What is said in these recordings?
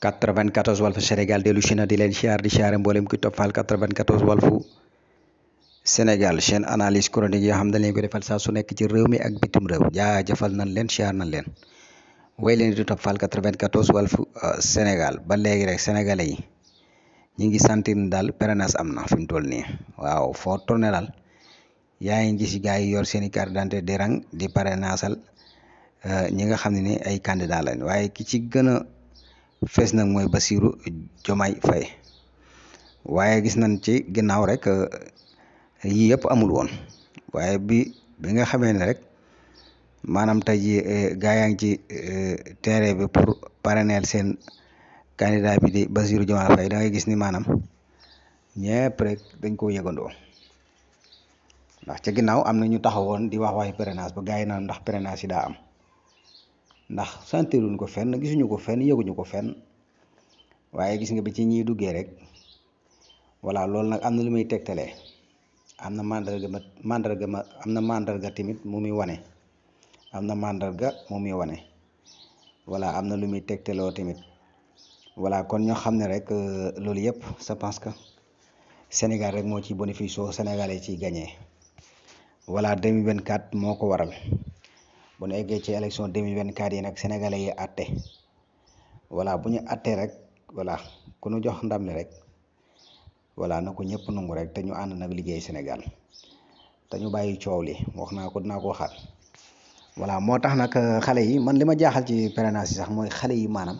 94 Walf Sénégal dellu si na di leen siyaar di siyaare mboolem kuy toppal 94 Walf Sénégal seen analyse chronique yoo xam na leen ko defal saa su nekk ci réew mi ak bitim réew jaajëfal nañ leen siyaar nañ leen way leen di toppal 94 Walf euh, Sénégal ba léegi rek sénégalais yi ñi ngi sentir ni daal parrainage am na fi mu toll nii waaw foo tourné daal yaa ngi gis gars yi yor seen i carte d'identité di rang di parrainage euh, ñi nga xam ne ni ay candidat lañ waaye ki ci gën a fees nag mooy Bassirou Diomaye Faye waaye gis nañ ci ginnaaw rek eh, yii yëpp amul woon waaye bi bi nga xamee ne rek maanaam tey jii eh, gaa yaa ngi ci eh, terrain bi pour parrainer seen candidat bi di Bassirou Diomaye Faye da gis ni maanaam ñëpp rek dañ koo yëgandoo ndax ca ginnaaw am na ñu taxawoon di wax waxi parrainage ba gaa yi naan ndax parrainage yi daa am. ndax santiruñ ko fenn gisuñu ko fenn yëguñu ko fenn waaye gis nga bi ci ñiy duggee rek voilà loolu nag am na lu muy tegtale am na màndarga màndarga ma am na màndarga tamit mu muy wane am na màndarga mu muy wane voilà am na lu muy tegtaloo tamit voilà kon ñoo xam ne rek euh, loolu yëpp je pense que Sénégal rek moo ci bénéfice soo Sénégalais ciy gagné voilà 2024 moo ko waral. bu nu eggee ci élection 2024 yi nag sénégalais yi àtte voilà bu ñu àttee rek voilà ku nu jox ndam li rek voilà na ko ñëpp nangu rek te ñu ànd nag liggéey Sénégal te ñu bàyyi coow li wax naa ko dinaa ko waxaat voilà moo tax nag euh, xale yi man li ma jaaxal ci parrainage yi sax mooy xale yi maanaam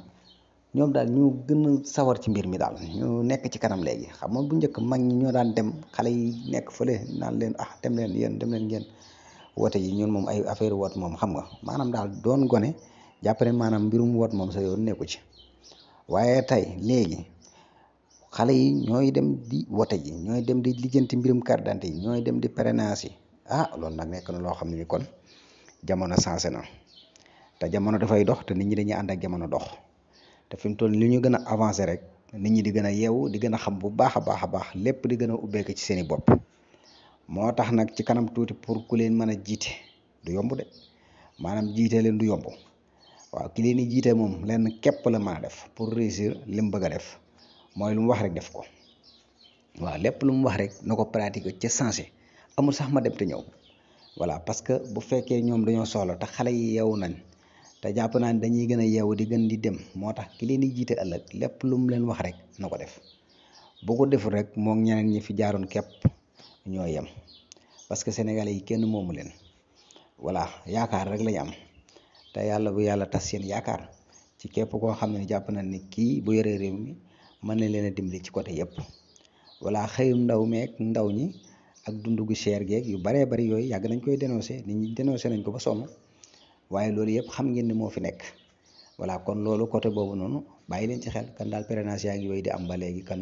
ñoom daal ñu gën sawar ci mbir mi daal ñu nekk ci kanam léegi xam nga bu njëkk mag ñi ñoo daan dem xale yi nekk fële naan leen ah dem leen yéen dem leen ngeen woote yi ñun moom ay affaire woot moom xam nga maanaam daal doon gone jàpp ne maanaam mbirum woot moom sa yoon nekku ci waaye tey léegi xale yi ñooy dem di wote ñooy dem di lijjanti mbirum carte d'identité yi ñooy dem di parrainage yi ah lool nag nekk na loo xam ne ni kon jamono sensé na te jamono dafay dox te nit ñi dañuy ànd ak jamono dox te fi mu toll li ñu gën a avancé rek nit ñi di gën a yeewu di gën a xam bu baax a baax a baax lépp di gën a ubbeeku ci seeni bopp moo tax nag ci kanam tuuti pour ku leen mën a jiite du yomb de maanaam jiite leen du yomb waaw ki leen di jiite moom lenn képp la maa def pour réussir li mu bëgg a def mooy lu mu wax rek def ko waaw lépp lu mu wax rek na ko pratiquer ca sensé amul sax ma dem te ñëw voilà parce que bu fekkee ñoom dañoo soxla te xale yi yeewu nañ te jàpp naa ne dañuy gën a yeewu di gën di dem moo tax ki leen di jiite ëllëg lépp lu mu leen wax rek na ko def bu ko deful rek moom ñeneen ñi fi jaaroon képp ñoo yem. parce que sénégale yi kenn moomu leen voilà yaakaar rek lañ am te yàlla bu yàlla tas seen yaakaar ci képp koo xam ne jàpp nañ ni kii bu yoree réew mi mën na leen a dimbali ci côté yëpp voilà xëyum ndaw meeg ndaw ñi ak dund gu cher geeg yu baree bari yooyu yàgg nañ koy dénoncé nit ñi dénoncé nañ ko ba sonn waaye loolu yëpp xam ngeen ni moo fi nekk voilà kon loolu côté boobu noonu bàyyi leen ci xel kan daal parrainage yaa ngi yooyu di am ba léegi kan